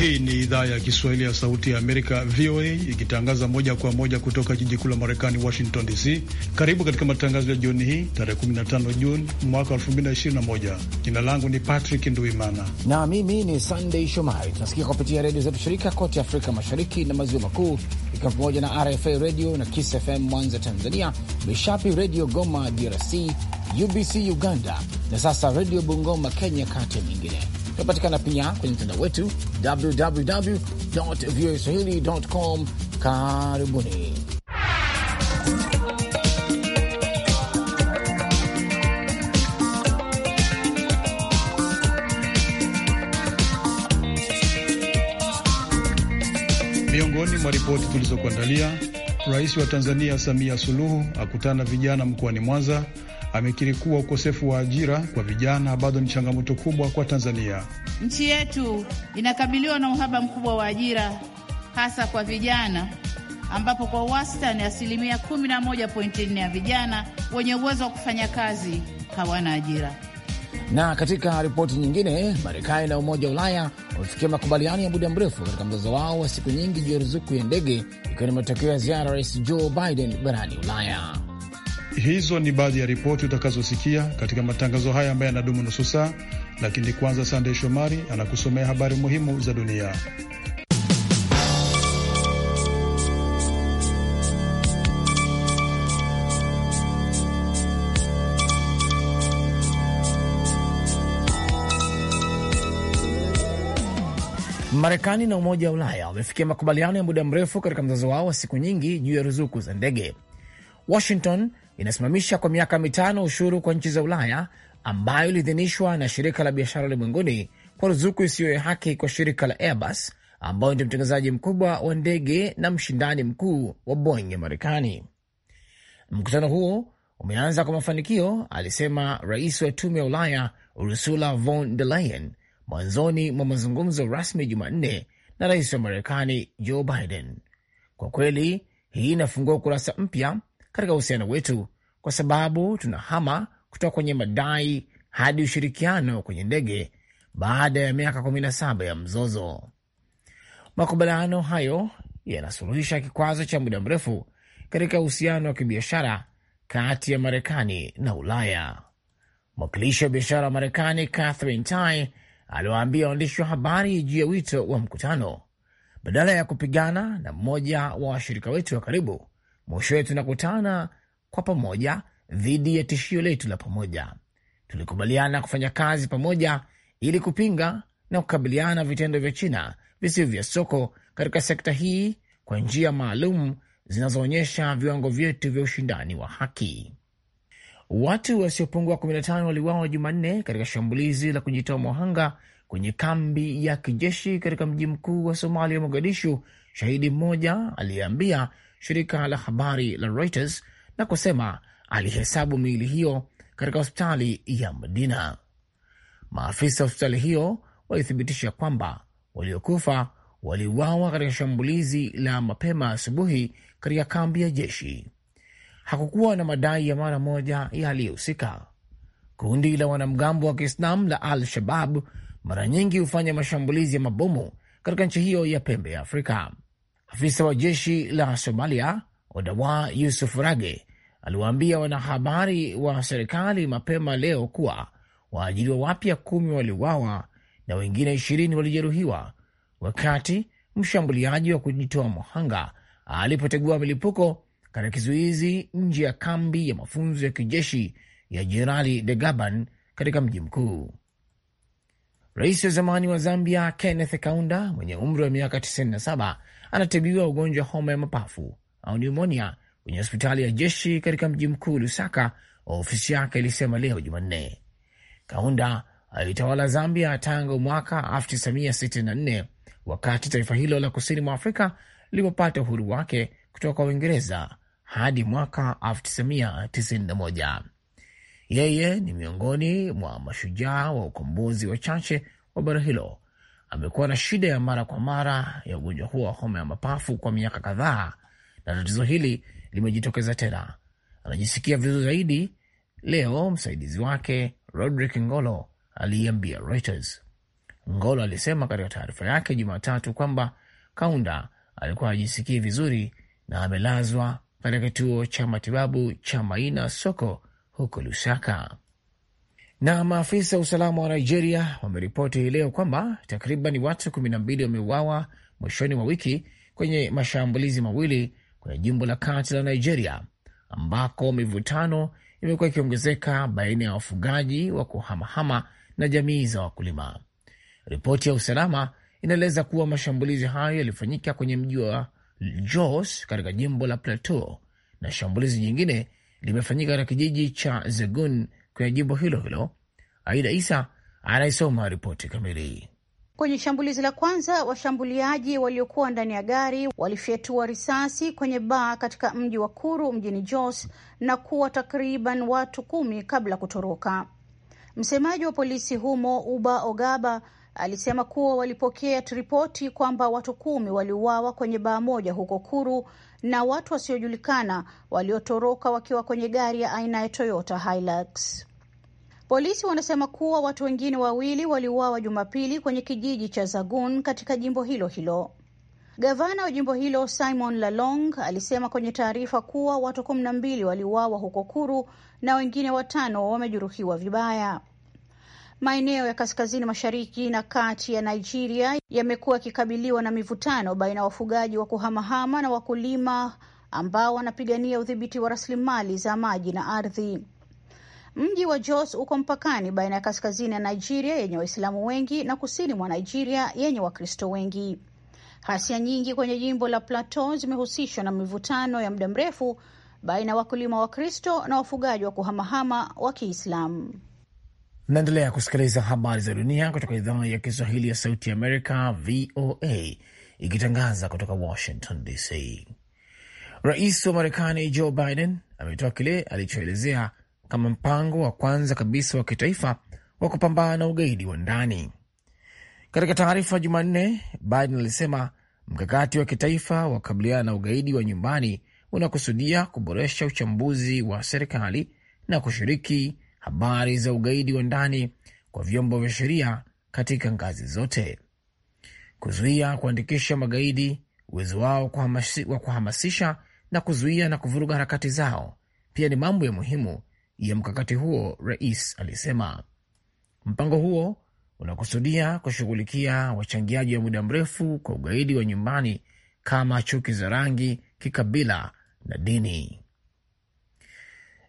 Hii ni idhaa ya Kiswahili ya Sauti ya Amerika, VOA, ikitangaza moja kwa moja kutoka jiji kuu la Marekani, Washington DC. Karibu katika matangazo ya jioni hii tarehe 15 Juni mwaka 2021. Jina langu ni Patrick Nduimana na mimi ni Sandey Shomari. Tunasikia kupitia redio zetu shirika kote Afrika Mashariki na Maziwa Makuu, ikiwa pamoja na RFA Radio na Kiss FM Mwanza Tanzania, Mishapi Redio Goma DRC, UBC Uganda na sasa Redio Bungoma Kenya, kati ya nyingine Tunapatikana pia kwenye mtandao wetu www voa swahili com. Karibuni. Miongoni mwa ripoti tulizokuandalia, rais wa Tanzania Samia Suluhu akutana vijana mkoani Mwanza amekiri kuwa ukosefu wa ajira kwa vijana bado ni changamoto kubwa kwa Tanzania. Nchi yetu inakabiliwa na uhaba mkubwa wa ajira hasa kwa vijana, ambapo kwa wastani asilimia 11.4 ya vijana wenye uwezo wa kufanya kazi hawana ajira. Na katika ripoti nyingine, Marekani na Umoja wa Ulaya wamefikia makubaliano ya muda mrefu katika mzozo wao wa siku nyingi juu ya ruzuku ya ndege, ikiwa ni matokeo ya ziara ya Rais Joe Biden barani Ulaya. Hizo ni baadhi ya ripoti utakazosikia katika matangazo haya ambayo yanadumu nusu saa, lakini kwanza, Sandey Shomari anakusomea habari muhimu za dunia. Marekani na Umoja wa Ulaya wamefikia makubaliano ya muda mrefu katika mzozo wao wa siku nyingi juu ya ruzuku za ndege. Washington inasimamisha kwa miaka mitano ushuru kwa nchi za Ulaya ambayo iliidhinishwa na shirika la biashara ulimwenguni kwa ruzuku isiyo ya haki kwa shirika la Airbus ambayo ndio mtengenezaji mkubwa wa ndege na mshindani mkuu wa Boeing ya Marekani. Mkutano huo umeanza kwa mafanikio, alisema rais wa tume ya Ulaya Ursula von der Leyen mwanzoni mwa mazungumzo rasmi Jumanne na rais wa Marekani Joe Biden. Kwa kweli, hii inafungua ukurasa mpya katika uhusiano wetu, kwa sababu tunahama kutoka kwenye madai hadi ushirikiano kwenye ndege baada ya miaka 17 ya mzozo. Makubaliano hayo yanasuluhisha kikwazo cha muda mrefu katika uhusiano wa kibiashara kati ya Marekani na Ulaya. Mwakilishi wa biashara wa Marekani Catherine Tai aliwaambia waandishi wa habari juu ya wito wa mkutano, badala ya kupigana na mmoja wa washirika wetu wa karibu, mwisho wetu nakutana kwa pamoja dhidi ya tishio letu la pamoja. Tulikubaliana kufanya kazi pamoja ili kupinga na kukabiliana vitendo vya China visivyo vya soko katika sekta hii kwa njia maalum zinazoonyesha viwango vyetu vya ushindani wa haki. Watu wasiopungua 15 waliuawa Jumanne katika shambulizi la kujitoa mhanga kwenye kambi ya kijeshi katika mji mkuu wa Somalia, Mogadishu. Shahidi mmoja aliyeambia shirika la habari la Reuters na kusema alihesabu miili hiyo katika hospitali ya Madina. Maafisa wa hospitali hiyo walithibitisha kwamba waliokufa waliuawa katika shambulizi la mapema asubuhi katika kambi ya jeshi. Hakukuwa na madai ya mara moja yaliyohusika. Kundi la wanamgambo wa Kiislam la Al Shabab mara nyingi hufanya mashambulizi ya mabomu katika nchi hiyo ya pembe ya Afrika. Afisa wa jeshi la Somalia Odawa Yusuf Rage aliwaambia wanahabari wa serikali mapema leo kuwa waajiriwa wapya kumi waliuawa na wengine ishirini walijeruhiwa wakati mshambuliaji wa kujitoa muhanga alipotegua milipuko katika kizuizi nje ya kambi ya mafunzo ya kijeshi ya Jenerali De Gaban katika mji mkuu. Rais wa zamani wa Zambia Kenneth Kaunda mwenye umri wa miaka 97 anatibiwa ugonjwa homa ya mapafu au pneumonia kwenye hospitali ya jeshi katika mji mkuu Lusaka, ofisi yake ilisema leo Jumanne. Kaunda alitawala Zambia tangu mwaka 1964 wakati taifa hilo la kusini mwa Afrika lilipopata uhuru wake kutoka kwa Uingereza hadi mwaka 1991. Yeye ni miongoni mwa mashujaa wa ukombozi wachache wa bara hilo. Amekuwa na shida ya mara kwa mara ya ugonjwa huo wa homa ya mapafu kwa miaka kadhaa, na tatizo hili limejitokeza tena. Anajisikia vizuri zaidi leo, msaidizi wake Rodrick Ngolo aliiambia Reuters. Ngolo alisema katika taarifa yake Jumatatu kwamba Kaunda alikuwa ajisikii vizuri na amelazwa katika kituo cha matibabu cha Maina Soko huko Lusaka. Na maafisa wa usalama wa Nigeria wameripoti hii leo kwamba takriban watu kumi na mbili wameuawa mwishoni mwa wiki kwenye mashambulizi mawili kwenye jimbo la kati la Nigeria ambako mivutano imekuwa ikiongezeka baina ya wafugaji wa kuhamahama na jamii za wakulima. Ripoti ya usalama inaeleza kuwa mashambulizi hayo yalifanyika kwenye mji wa Jos katika jimbo la Plateau na shambulizi jingine limefanyika katika kijiji cha Zegun kwenye jimbo hilo hilo. Aida Isa anaisoma ripoti kamili. Kwenye shambulizi la kwanza, washambuliaji waliokuwa ndani ya gari walifyatua risasi kwenye baa katika mji wa Kuru mjini Jos na kuwa takriban watu kumi kabla kutoroka. Msemaji wa polisi humo Uba Ogaba alisema kuwa walipokea ripoti kwamba watu kumi waliuawa kwenye baa moja huko Kuru na watu wasiojulikana waliotoroka wakiwa kwenye gari ya aina ya Toyota Hilux. Polisi wanasema kuwa watu wengine wawili waliuawa Jumapili kwenye kijiji cha Zagun katika jimbo hilo hilo. Gavana wa jimbo hilo Simon Lalong alisema kwenye taarifa kuwa watu kumi na mbili waliuawa huko Kuru na wengine watano wamejeruhiwa vibaya. Maeneo ya kaskazini mashariki na kati ya Nigeria yamekuwa yakikabiliwa na mivutano baina ya wafugaji wa kuhamahama na wakulima ambao wanapigania udhibiti wa rasilimali za maji na ardhi. Mji wa Jos uko mpakani baina ya kaskazini ya Nigeria yenye Waislamu wengi na kusini mwa Nigeria yenye Wakristo wengi. Ghasia nyingi kwenye jimbo la Plateau zimehusishwa na mivutano ya muda mrefu baina ya wakulima Wakristo na wafugaji wa kuhamahama wa Kiislamu. Naendelea kusikiliza habari za dunia kutoka idhaa ya Kiswahili ya Sauti Amerika, VOA, ikitangaza kutoka Washington DC. Rais wa Marekani Joe Biden ametoa kile alichoelezea kama mpango wa kwanza kabisa wa kitaifa wa kupambana na ugaidi wa ndani. Katika taarifa Jumanne, Biden alisema mkakati wa kitaifa wa kukabiliana na ugaidi wa nyumbani unakusudia kuboresha uchambuzi wa serikali na kushiriki habari za ugaidi wa ndani kwa vyombo vya sheria katika ngazi zote, kuzuia kuandikisha magaidi, uwezo wao wa kuhamasisha na kuzuia na kuvuruga harakati zao, pia ni mambo ya muhimu ya mkakati huo, rais alisema. Mpango huo unakusudia kushughulikia wachangiaji wa muda mrefu kwa ugaidi wa nyumbani kama chuki za rangi, kikabila na dini.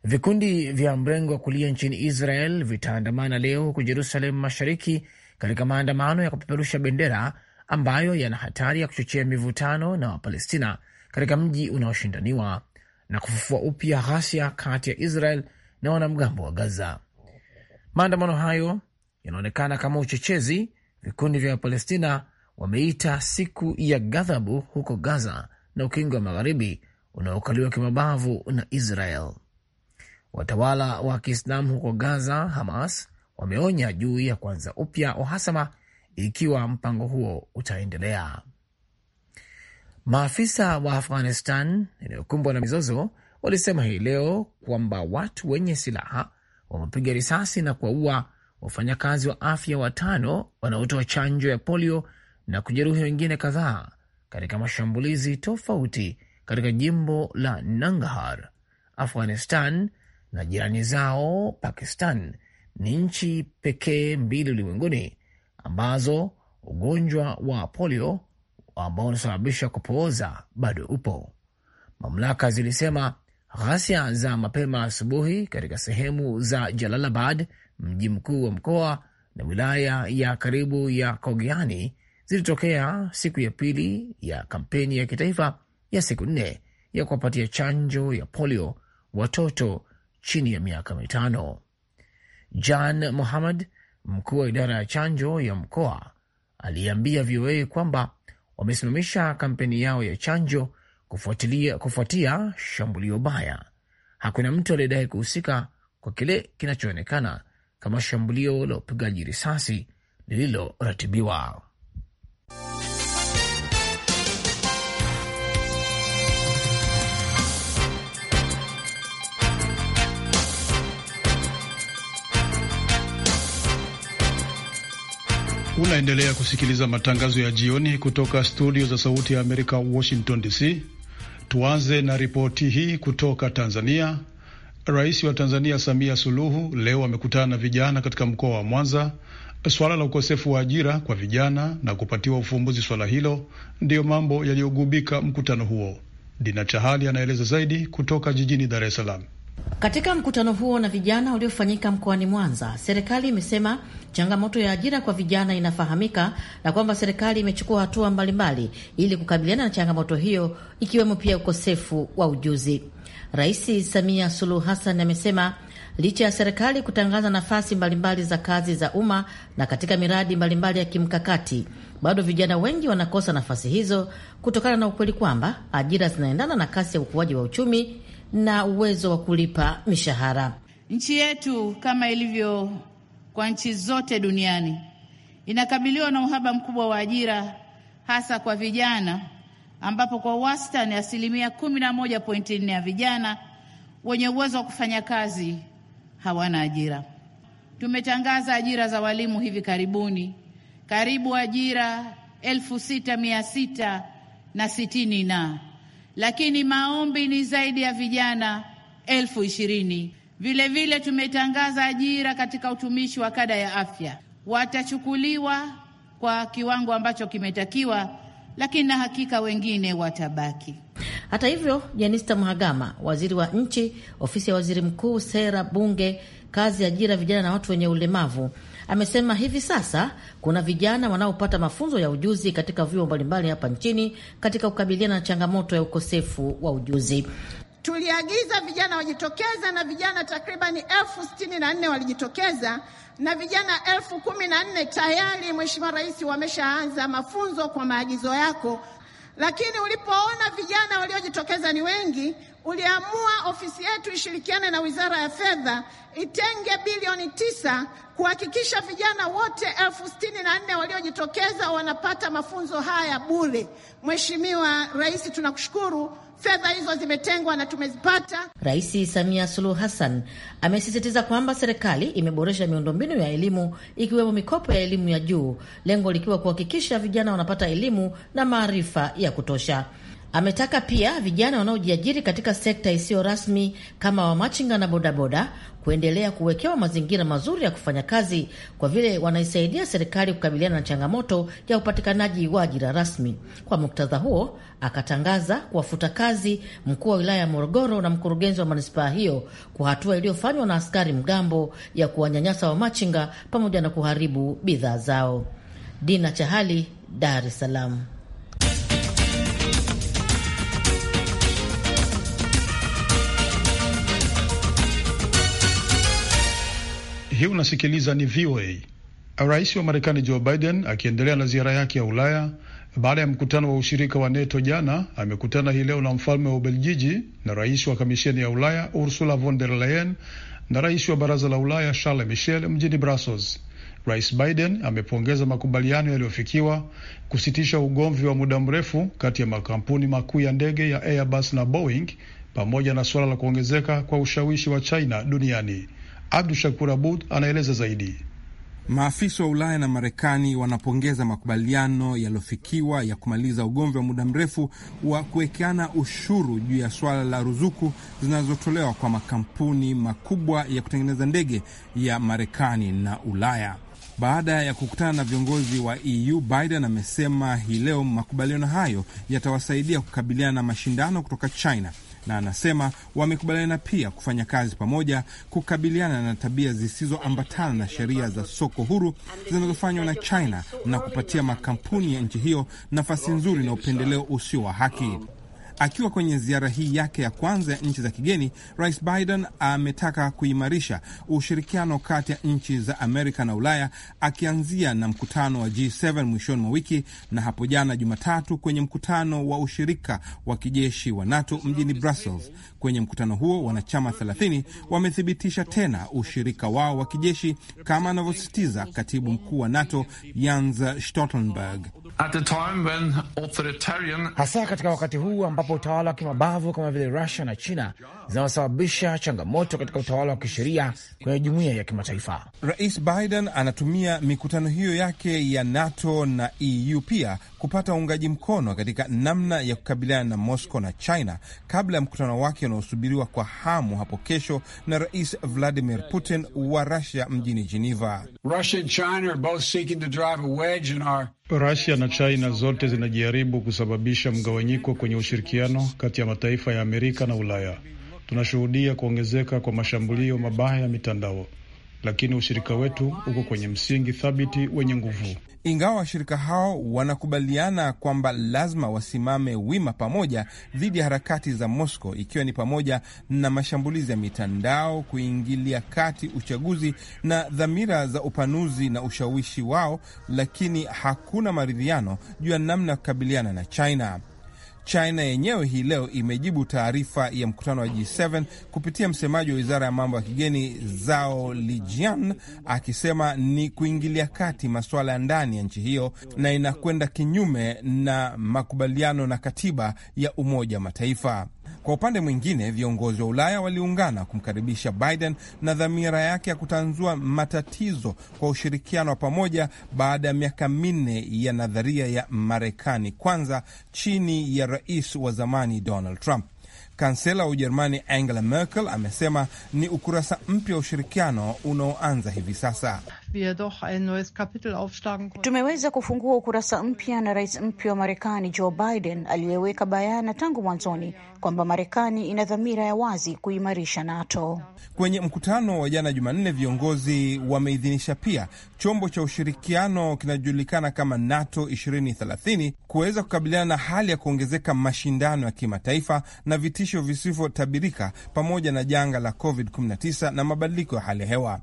Vikundi vya mrengo wa kulia nchini Israel vitaandamana leo huku Jerusalem Mashariki katika maandamano ya kupeperusha bendera ambayo yana hatari ya kuchochea mivutano na Wapalestina katika mji unaoshindaniwa na kufufua upya ghasia kati ya Israel na wanamgambo wa Gaza. Maandamano hayo yanaonekana kama uchochezi, vikundi vya Wapalestina wameita siku ya ghadhabu huko Gaza na ukingo wa magharibi unaokaliwa kimabavu na Israel. Watawala wa Kiislamu huko Gaza, Hamas, wameonya juu ya kuanza upya uhasama ikiwa mpango huo utaendelea. Maafisa wa Afghanistan inayokumbwa na mizozo walisema hii leo kwamba watu wenye silaha wamepiga risasi na kuwaua wafanyakazi wa afya watano wanaotoa chanjo ya polio na kujeruhi wengine kadhaa katika mashambulizi tofauti katika jimbo la Nangarhar, Afghanistan na jirani zao Pakistan ni nchi pekee mbili ulimwenguni ambazo ugonjwa wa polio ambao unasababisha kupooza bado upo. Mamlaka zilisema Ghasia za mapema asubuhi katika sehemu za Jalalabad, mji mkuu wa mkoa na wilaya ya karibu ya Kogiani, zilitokea siku ya pili ya kampeni ya kitaifa ya siku nne ya kuwapatia chanjo ya polio watoto chini ya miaka mitano. Jan Muhammad, mkuu wa idara ya chanjo ya mkoa, aliambia VOA kwamba wamesimamisha kampeni yao ya chanjo kufuatia, kufuatia shambulio baya. Hakuna mtu aliyedai kuhusika kwa kile kinachoonekana kama shambulio la upigaji risasi lililoratibiwa. Unaendelea kusikiliza matangazo ya jioni kutoka studio za Sauti ya Amerika, Washington DC. Tuanze na ripoti hii kutoka Tanzania. Rais wa Tanzania Samia Suluhu leo amekutana na vijana katika mkoa wa Mwanza. suala la ukosefu wa ajira kwa vijana na kupatiwa ufumbuzi swala hilo ndiyo mambo yaliyogubika mkutano huo. Dina Chahali anaeleza zaidi kutoka jijini Dar es Salaam. Katika mkutano huo na vijana uliofanyika mkoani Mwanza, serikali imesema changamoto ya ajira kwa vijana inafahamika na kwamba serikali imechukua hatua mbalimbali ili kukabiliana na changamoto hiyo ikiwemo pia ukosefu wa ujuzi. Rais Samia Suluhu Hassan amesema licha ya serikali kutangaza nafasi mbalimbali za kazi za umma na katika miradi mbalimbali ya kimkakati, bado vijana wengi wanakosa nafasi hizo kutokana na ukweli kwamba ajira zinaendana na kasi ya ukuaji wa uchumi na uwezo wa kulipa mishahara. Nchi yetu kama ilivyo kwa nchi zote duniani inakabiliwa na uhaba mkubwa wa ajira, hasa kwa vijana, ambapo kwa wastani asilimia nne ya vijana wenye uwezo wa kufanya kazi hawana ajira. Tumetangaza ajira za walimu hivi karibuni, karibu ajira elfu sita mia sita na sitini na lakini maombi ni zaidi ya vijana elfu ishirini. Vilevile tumetangaza ajira katika utumishi wa kada ya afya, watachukuliwa kwa kiwango ambacho kimetakiwa, lakini na hakika wengine watabaki. Hata hivyo, Jenista Mhagama, waziri wa nchi, ofisi ya waziri mkuu, sera, bunge, kazi, ajira, vijana na watu wenye ulemavu amesema hivi sasa kuna vijana wanaopata mafunzo ya ujuzi katika vyuo mbalimbali hapa nchini katika kukabiliana na changamoto ya ukosefu wa ujuzi. Tuliagiza vijana wajitokeze na vijana takribani elfu sitini na nne walijitokeza na vijana elfu kumi na nne tayari, Mheshimiwa Rais, wameshaanza mafunzo kwa maagizo yako. Lakini ulipoona vijana waliojitokeza ni wengi, uliamua ofisi yetu ishirikiane na Wizara ya Fedha itenge bilioni tisa kuhakikisha vijana wote elfu sitini na nne waliojitokeza wanapata mafunzo haya bure. Mheshimiwa Rais, tunakushukuru Fedha hizo zimetengwa na tumezipata. Rais Samia Suluhu Hassan amesisitiza kwamba serikali imeboresha miundombinu ya elimu ikiwemo mikopo ya elimu ya juu, lengo likiwa kuhakikisha vijana wanapata elimu na maarifa ya kutosha. Ametaka pia vijana wanaojiajiri katika sekta isiyo rasmi kama wamachinga na bodaboda kuendelea kuwekewa mazingira mazuri ya kufanya kazi kwa vile wanaisaidia serikali kukabiliana na changamoto ya upatikanaji wa ajira rasmi. Kwa muktadha huo, akatangaza kuwafuta kazi mkuu wa wilaya ya Morogoro na mkurugenzi wa manispaa hiyo kwa hatua iliyofanywa na askari mgambo ya kuwanyanyasa wamachinga pamoja na kuharibu bidhaa zao. Dina Chahali, Dar es Salaam. Hii unasikiliza ni VOA. Rais wa Marekani Joe Biden akiendelea na ziara yake ya Ulaya baada ya mkutano wa ushirika wa NATO jana, amekutana hii leo na mfalme wa Ubeljiji na rais wa kamisheni ya Ulaya Ursula von der Leyen na rais wa baraza la Ulaya Charles Michel mjini Brussels. Rais Biden amepongeza makubaliano yaliyofikiwa kusitisha ugomvi wa muda mrefu kati ya makampuni makuu ya ndege ya Airbus na Boeing pamoja na suala la kuongezeka kwa ushawishi wa China duniani. Abdu Shakur Abud anaeleza zaidi. Maafisa wa Ulaya na Marekani wanapongeza makubaliano yaliyofikiwa ya kumaliza ugomvi wa muda mrefu wa kuwekeana ushuru juu ya suala la ruzuku zinazotolewa kwa makampuni makubwa ya kutengeneza ndege ya Marekani na Ulaya. Baada ya kukutana na viongozi wa EU, Biden amesema hii leo makubaliano hayo yatawasaidia kukabiliana na mashindano kutoka China na anasema wamekubaliana pia kufanya kazi pamoja kukabiliana na tabia zisizoambatana na sheria za soko huru zinazofanywa na China na kupatia makampuni ya nchi hiyo nafasi nzuri na upendeleo usio wa haki. Akiwa kwenye ziara hii yake ya kwanza ya nchi za kigeni, Rais Biden ametaka kuimarisha ushirikiano kati ya nchi za Amerika na Ulaya, akianzia na mkutano wa G7 mwishoni mwa wiki na hapo jana Jumatatu kwenye mkutano wa ushirika wa kijeshi wa NATO mjini Brussels. Kwenye mkutano huo wanachama 30 wamethibitisha tena ushirika wao wa kijeshi kama anavyosisitiza katibu mkuu wa NATO Jens Stoltenberg authoritarian... hasa katika wakati huu ambapo utawala wa kimabavu kama vile Rusia na China zinaosababisha changamoto katika utawala wa kisheria kwenye jumuiya ya kimataifa. Rais Biden anatumia mikutano hiyo yake ya NATO na EU pia kupata uungaji mkono katika namna ya kukabiliana na Moscow na China kabla ya mkutano wake unaosubiriwa kwa hamu hapo kesho na Rais Vladimir Putin wa Rusia mjini Geneva. Russia and China are both seeking to drive a wedge in our Rusia na China zote zinajaribu kusababisha mgawanyiko kwenye ushirikiano kati ya mataifa ya Amerika na Ulaya. Tunashuhudia kuongezeka kwa mashambulio mabaya ya mitandao, lakini ushirika wetu uko kwenye msingi thabiti wenye nguvu ingawa washirika hao wanakubaliana kwamba lazima wasimame wima pamoja dhidi ya harakati za Moscow, ikiwa ni pamoja na mashambulizi ya mitandao, kuingilia kati uchaguzi na dhamira za upanuzi na ushawishi wao, lakini hakuna maridhiano juu ya namna ya kukabiliana na China. China yenyewe hii leo imejibu taarifa ya mkutano wa G7 kupitia msemaji wa wizara ya mambo ya kigeni Zhao Lijian akisema ni kuingilia kati masuala ya ndani ya nchi hiyo na inakwenda kinyume na makubaliano na katiba ya Umoja wa Mataifa. Kwa upande mwingine, viongozi wa Ulaya waliungana kumkaribisha Biden na dhamira yake ya kutanzua matatizo kwa ushirikiano wa pamoja baada ya miaka minne ya nadharia ya Marekani kwanza chini ya rais wa zamani Donald Trump. Kansela wa Ujerumani Angela Merkel amesema ni ukurasa mpya wa ushirikiano unaoanza hivi sasa. Tumeweza kufungua ukurasa mpya na rais mpya wa Marekani Joe Biden aliyeweka bayana tangu mwanzoni kwamba Marekani ina dhamira ya wazi kuimarisha NATO. Kwenye mkutano wa jana Jumanne, viongozi wameidhinisha pia chombo cha ushirikiano kinachojulikana kama NATO 2030 kuweza kukabiliana na hali ya kuongezeka mashindano ya kimataifa na vitisho visivyotabirika pamoja na janga la COVID-19 na mabadiliko ya hali ya hewa.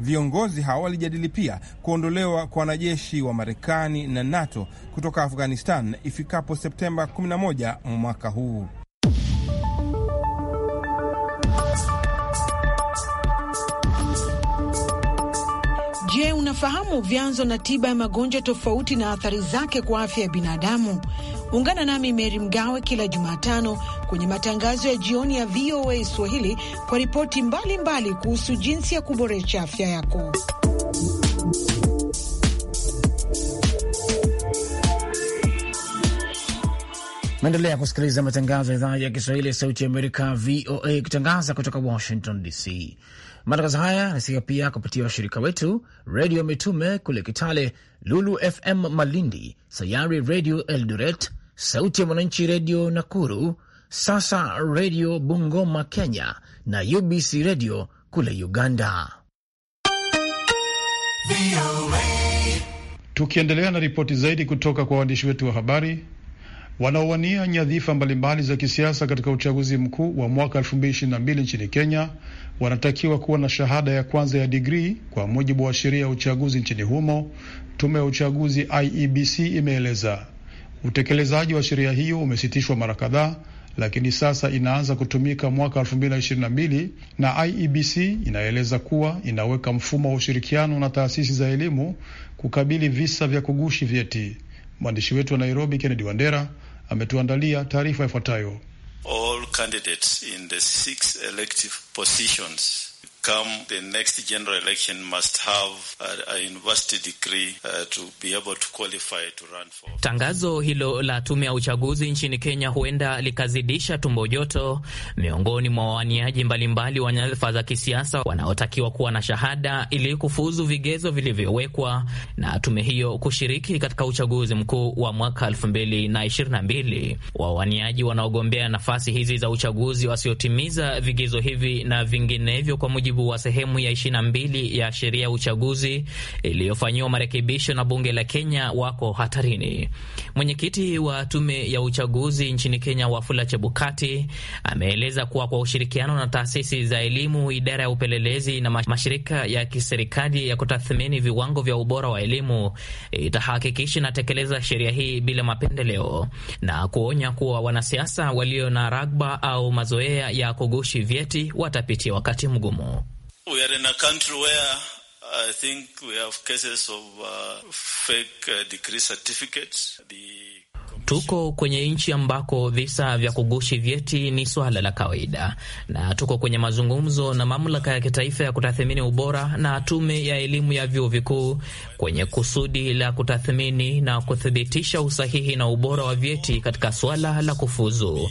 Viongozi hao walijadili pia kuondolewa kwa wanajeshi wa Marekani na NATO kutoka Afghanistan ifikapo Septemba 11 mwaka huu. Kufahamu vyanzo na tiba ya magonjwa tofauti na athari zake kwa afya ya binadamu. Ungana nami Meri Mgawe kila Jumatano kwenye matangazo ya jioni ya VOA Swahili kwa ripoti mbalimbali kuhusu jinsi ya kuboresha afya yako. Naendelea kusikiliza matangazo ya idhaa ya Kiswahili ya Sauti ya Amerika, VOA, ikitangaza kutoka Washington DC. Matangazo haya yanasikika pia kupitia washirika wetu Redio Mitume kule Kitale, Lulu FM Malindi, Sayari Redio Eldoret, Sauti ya Mwananchi Redio Nakuru, Sasa Redio Bungoma Kenya na UBC Redio kule Uganda. Tukiendelea na ripoti zaidi kutoka kwa waandishi wetu wa habari wanaowania nyadhifa mbalimbali za kisiasa katika uchaguzi mkuu wa mwaka 2022 nchini Kenya wanatakiwa kuwa na shahada ya kwanza ya digrii kwa mujibu wa sheria ya uchaguzi nchini humo, tume ya uchaguzi IEBC imeeleza. Utekelezaji wa sheria hiyo umesitishwa mara kadhaa, lakini sasa inaanza kutumika mwaka 2022 na IEBC inaeleza kuwa inaweka mfumo wa ushirikiano na taasisi za elimu kukabili visa vya kugushi vyeti. Mwandishi wetu wa Nairobi, Kennedy Wandera, ametuandalia taarifa ifuatayo. All candidates in the six elective positions come, the next general election must have a, a university degree uh, to be able to qualify to run for. Tangazo hilo la tume ya uchaguzi nchini Kenya huenda likazidisha tumbo joto miongoni mwa wawaniaji mbalimbali wa nyadhifa za kisiasa wanaotakiwa kuwa na shahada ili kufuzu vigezo vilivyowekwa na tume hiyo kushiriki katika uchaguzi mkuu wa mwaka 2022. Wawaniaji wanaogombea nafasi hizi za uchaguzi wasiotimiza vigezo hivi na vinginevyo kwa mujibu mujibu wa sehemu ya 22 ya sheria ya uchaguzi iliyofanyiwa marekebisho na bunge la Kenya wako hatarini. Mwenyekiti wa tume ya uchaguzi nchini Kenya, Wafula Chebukati, ameeleza kuwa kwa ushirikiano na taasisi za elimu, idara ya upelelezi na mashirika ya kiserikali ya kutathmini viwango vya ubora wa elimu itahakikisha inatekeleza sheria hii bila mapendeleo, na kuonya kuwa wanasiasa walio na ragba au mazoea ya kugushi vyeti watapitia wakati mgumu. We are in a country where I think we have cases of uh, fake uh, degree certificates. The Tuko kwenye nchi ambako visa vya kugushi vyeti ni swala la kawaida, na tuko kwenye mazungumzo na mamlaka ya kitaifa ya kutathmini ubora na tume ya elimu ya vyuo vikuu kwenye kusudi la kutathmini na kuthibitisha usahihi na ubora wa vyeti katika swala la kufuzu.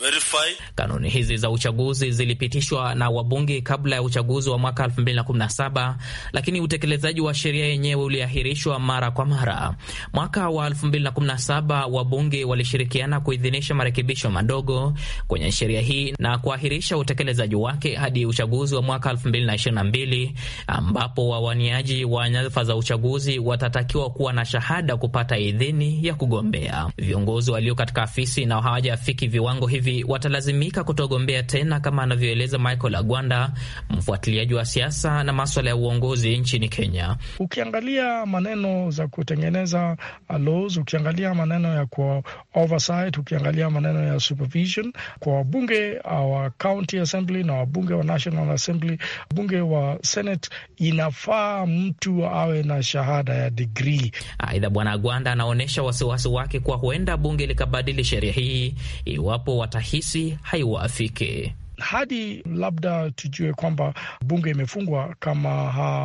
Verify. Kanuni hizi za uchaguzi zilipitishwa na wabunge kabla ya uchaguzi wa mwaka 2017 lakini utekelezaji wa sheria yenyewe uliahirishwa mara kwa mara. Mwaka wa 2017 wabunge walishirikiana kuidhinisha marekebisho madogo kwenye sheria hii na kuahirisha utekelezaji wake hadi uchaguzi wa mwaka 2022 ambapo wawaniaji wa nyadhifa za uchaguzi watatakiwa kuwa na shahada kupata idhini ya kugombea. Viongozi walio katika afisi na hawajafiki viwango hivi hivi watalazimika kutogombea tena, kama anavyoeleza Michael Agwanda, mfuatiliaji wa siasa na maswala ya uongozi nchini Kenya. Ukiangalia maneno za kutengeneza laws, ukiangalia maneno ya kwa oversight, ukiangalia maneno ya supervision kwa wabunge uh, wa county assembly na wabunge wa national assembly, bunge wa senate, inafaa mtu awe na shahada ya degree. Aidha, bwana Agwanda anaonyesha wasiwasi wake kuwa huenda bunge likabadili sheria hii iwapo wata rahisi haiwafiki hadi labda tujue kwamba bunge imefungwa, kama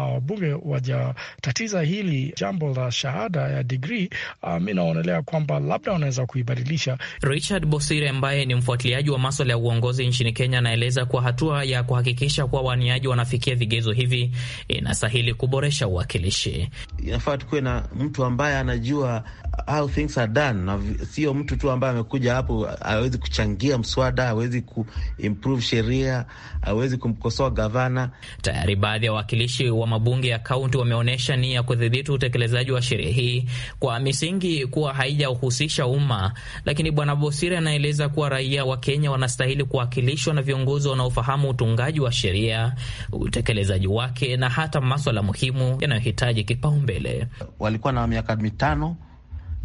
wabunge wajatatiza hili jambo la shahada ya digrii, uh, ah, mi naonelea kwamba labda wanaweza kuibadilisha. Richard Bosire ambaye ni mfuatiliaji wa maswala ya uongozi nchini Kenya anaeleza kuwa hatua ya kuhakikisha kuwa waniaji wanafikia vigezo hivi inastahili kuboresha uwakilishi. Inafaa tukuwe na mtu ambaye anajua how things are done, na sio mtu tu ambaye amekuja hapo, awezi kuchangia mswada, awezi kuimprove sheria, hawezi kumkosoa gavana. Tayari baadhi ya wawakilishi wa mabunge ya kaunti wameonyesha nia kudhibiti utekelezaji wa sheria hii kwa misingi kuwa haijahusisha umma, lakini Bwana Bosiri anaeleza kuwa raia wa Kenya wanastahili kuwakilishwa na viongozi wanaofahamu utungaji wa sheria, utekelezaji wake na hata maswala muhimu yanayohitaji kipaumbele. Walikuwa na miaka mitano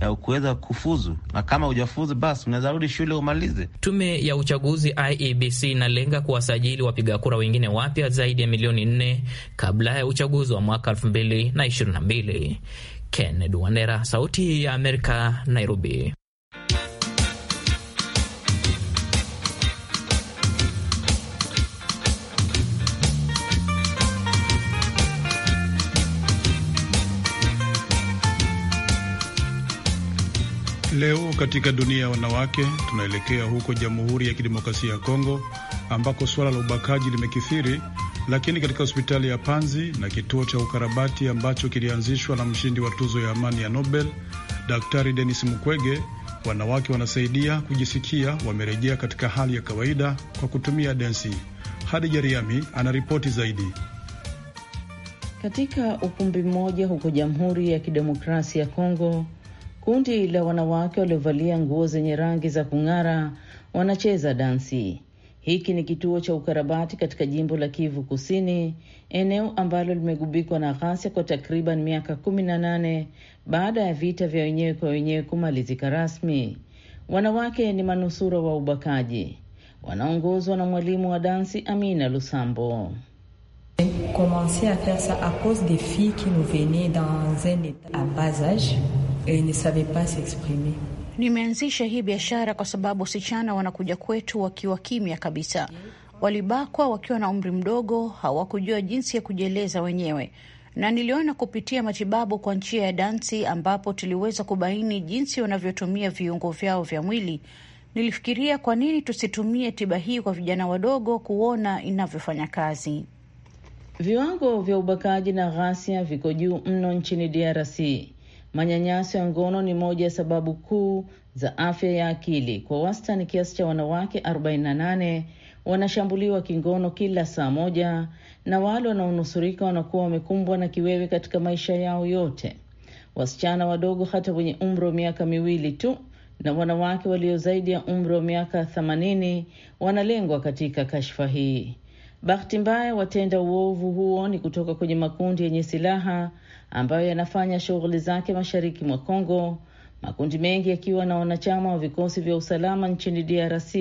kuweza kufuzu, na kama hujafuzu basi unaweza rudi shule umalize. Tume ya uchaguzi IEBC inalenga kuwasajili wapiga kura wengine wapya zaidi ya milioni nne kabla ya uchaguzi wa mwaka elfu mbili na ishirini na mbili. Kennedy Wandera, Sauti ya Amerika, Nairobi. Leo katika dunia ya wanawake, tunaelekea huko Jamhuri ya Kidemokrasia ya Kongo ambako suala la ubakaji limekithiri, lakini katika hospitali ya Panzi na kituo cha ukarabati ambacho kilianzishwa na mshindi wa tuzo ya amani ya Nobel Daktari Denis Mukwege, wanawake wanasaidia kujisikia wamerejea katika hali ya kawaida kwa kutumia densi. hadi jariami anaripoti zaidi. Katika ukumbi mmoja huko Jamhuri ya Kidemokrasia ya Kongo, Kundi la wanawake waliovalia nguo zenye rangi za kung'ara wanacheza dansi. Hiki ni kituo cha ukarabati katika jimbo la Kivu Kusini, eneo ambalo limegubikwa na ghasia kwa takriban miaka kumi na nane baada ya vita vya wenyewe kwa wenyewe kumalizika rasmi. Wanawake ni manusura wa ubakaji, wanaongozwa na mwalimu wa dansi Amina Lusambo ne pas s'exprimer. Nimeanzisha hii biashara kwa sababu wasichana wanakuja kwetu wakiwa kimya kabisa, walibakwa wakiwa na umri mdogo, hawakujua jinsi ya kujieleza wenyewe, na niliona kupitia matibabu kwa njia ya dansi, ambapo tuliweza kubaini jinsi wanavyotumia viungo vyao vya mwili. Nilifikiria, kwa nini tusitumie tiba hii kwa vijana wadogo kuona inavyofanya kazi? Viwango vya ubakaji na ghasia viko juu mno nchini DRC Manyanyaso ya ngono ni moja ya sababu kuu za afya ya akili. Kwa wastani, kiasi cha wanawake 48 wanashambuliwa kingono kila saa moja, na wale wanaonusurika wanakuwa wamekumbwa na kiwewe katika maisha yao yote, wasichana wadogo hata wenye umri wa miaka miwili tu na wanawake walio zaidi ya umri wa miaka 80 wanalengwa katika kashfa hii. Bahati mbaya, watenda uovu huo ni kutoka kwenye makundi yenye silaha ambayo yanafanya shughuli zake mashariki mwa Kongo, makundi mengi yakiwa na wanachama wa vikosi vya usalama nchini DRC.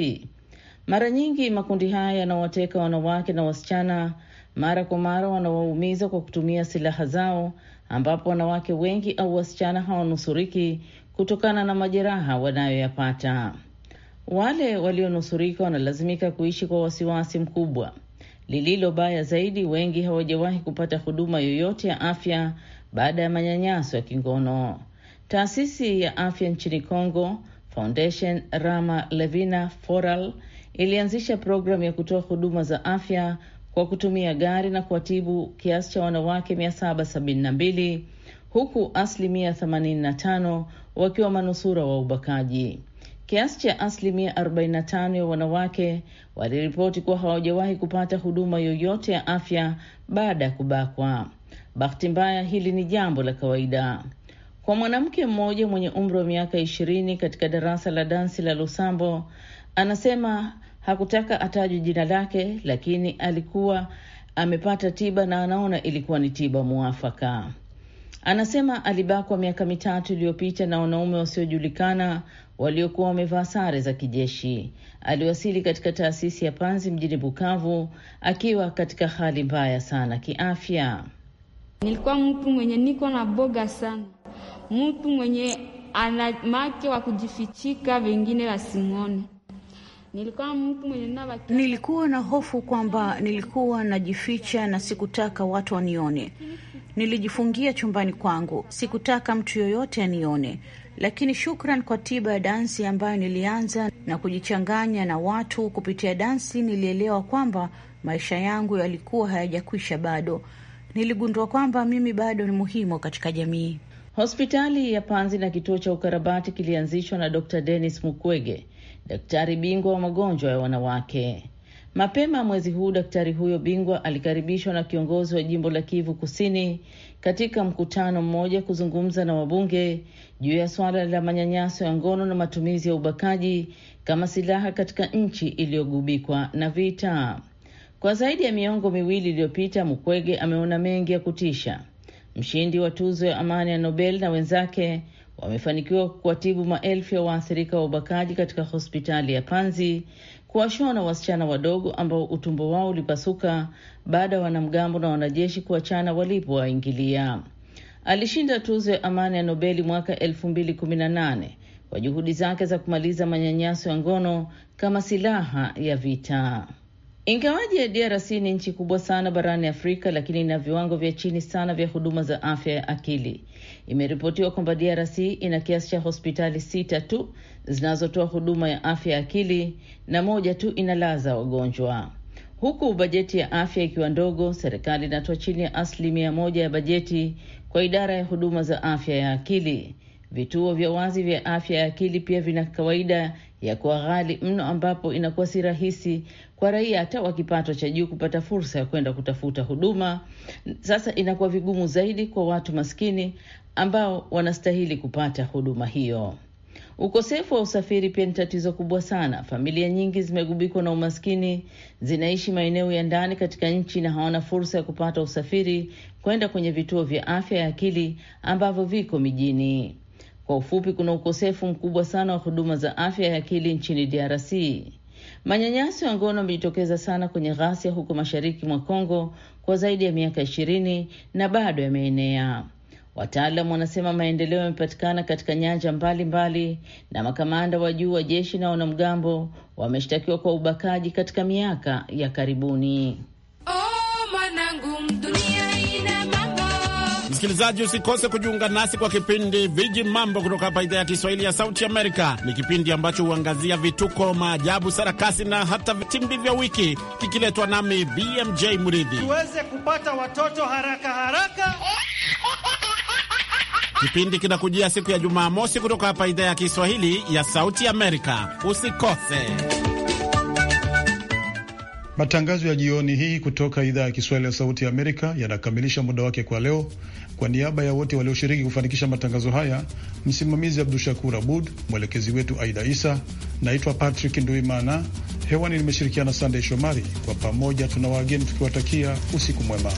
Mara nyingi makundi haya yanawateka wanawake na wasichana, mara kwa mara wanawaumiza kwa kutumia silaha zao, ambapo wanawake wengi au wasichana hawanusuriki kutokana na majeraha wanayoyapata. Wale walionusurika wanalazimika kuishi kwa wasiwasi mkubwa. Lililo baya zaidi, wengi hawajawahi kupata huduma yoyote ya afya baada ya manyanyaso ya kingono. Taasisi ya afya nchini congo Foundation Rama Levina Foral, ilianzisha programu ya kutoa huduma za afya kwa kutumia gari na kuwatibu kiasi cha wanawake 772 huku asilimia 85 wakiwa manusura wa ubakaji. Kiasi cha asilimia 45 ya wanawake waliripoti kuwa hawajawahi kupata huduma yoyote ya afya baada ya kubakwa. Bahati mbaya, hili ni jambo la kawaida kwa mwanamke mmoja mwenye umri wa miaka ishirini katika darasa la dansi la Lusambo. Anasema hakutaka atajwe jina lake, lakini alikuwa amepata tiba na anaona ilikuwa ni tiba mwafaka. Anasema alibakwa miaka mitatu iliyopita na wanaume wasiojulikana waliokuwa wamevaa sare za kijeshi. Aliwasili katika taasisi ya Panzi mjini Bukavu akiwa katika hali mbaya sana kiafya. Nilikuwa mtu mwenye niko na boga sana, mtu mwenye ana make wa kujifichika, vengine wasimwone. Nilikuwa mtu mwenye naba... nilikuwa na hofu kwamba nilikuwa najificha na sikutaka watu wanione. Nilijifungia chumbani kwangu, sikutaka mtu yoyote anione. Lakini shukran kwa tiba ya dansi ambayo nilianza na kujichanganya na watu kupitia dansi, nilielewa kwamba maisha yangu yalikuwa hayajakwisha bado, niligundua kwamba mimi bado ni muhimu katika jamii. Hospitali ya Panzi na kituo cha ukarabati kilianzishwa na Dr Denis Mukwege, daktari bingwa wa magonjwa ya wanawake. Mapema mwezi huu daktari huyo bingwa alikaribishwa na kiongozi wa jimbo la Kivu Kusini katika mkutano mmoja kuzungumza na wabunge juu ya suala la manyanyaso ya ngono na matumizi ya ubakaji kama silaha katika nchi iliyogubikwa na vita. Kwa zaidi ya miongo miwili iliyopita, Mukwege ameona mengi ya kutisha. Mshindi wa tuzo ya amani ya Nobel na wenzake wamefanikiwa kuwatibu maelfu ya waathirika wa ubakaji katika hospitali ya Panzi, kuwashona wasichana wadogo ambao utumbo wao ulipasuka baada ya wanamgambo na wanajeshi kuachana walipowaingilia. Alishinda tuzo ya amani ya Nobeli mwaka 2018 kwa juhudi zake za kumaliza manyanyaso ya ngono kama silaha ya vita. Ingawaje DRC ni nchi kubwa sana barani Afrika, lakini ina viwango vya chini sana vya huduma za afya ya akili. Imeripotiwa kwamba DRC ina kiasi cha hospitali sita tu zinazotoa huduma ya afya ya akili na moja tu inalaza wagonjwa, huku bajeti ya afya ikiwa ndogo. Serikali inatoa chini ya asilimia moja ya bajeti kwa idara ya huduma za afya ya akili. Vituo vya wazi vya afya ya akili pia vina kawaida ya kuwa ghali mno, ambapo inakuwa si rahisi kwa raia hata wa kipato cha juu kupata fursa ya kwenda kutafuta huduma. Sasa inakuwa vigumu zaidi kwa watu maskini ambao wanastahili kupata huduma hiyo. Ukosefu wa usafiri pia ni tatizo kubwa sana. Familia nyingi zimegubikwa na umaskini, zinaishi maeneo ya ndani katika nchi na hawana fursa ya kupata usafiri kwenda kwenye vituo vya afya ya akili ambavyo viko mijini. Kwa ufupi, kuna ukosefu mkubwa sana wa huduma za afya ya akili nchini DRC. Manyanyaso ya ngono yamejitokeza sana kwenye ghasia huko mashariki mwa Kongo kwa zaidi ya miaka ishirini na bado yameenea. Wataalamu wanasema maendeleo yamepatikana katika nyanja mbalimbali mbali, na makamanda wa juu wa jeshi na wanamgambo wameshtakiwa kwa ubakaji katika miaka ya karibuni. Oh, manangu, dunia ina Msikilizaji, usikose kujiunga nasi kwa kipindi Viji Mambo kutoka hapa idhaa ya Kiswahili ya Sauti Amerika. Ni kipindi ambacho huangazia vituko, maajabu, sarakasi na hata vitimbi vya wiki, kikiletwa nami BMJ Mridhi tuweze kupata watoto haraka haraka. Kipindi kinakujia siku ya Jumamosi kutoka hapa idhaa ya Kiswahili ya Sauti Amerika. Usikose matangazo ya jioni hii kutoka idhaa ya Kiswahili ya Sauti ya Amerika yanakamilisha muda wake kwa leo, kwa niaba ya wote walioshiriki kufanikisha matangazo haya, msimamizi Abdu Shakur Abud, mwelekezi wetu Aida Isa, naitwa Patrick Nduimana. Hewani nimeshirikiana Sandey Shomari. Kwa pamoja tuna wageni tukiwatakia usiku mwema.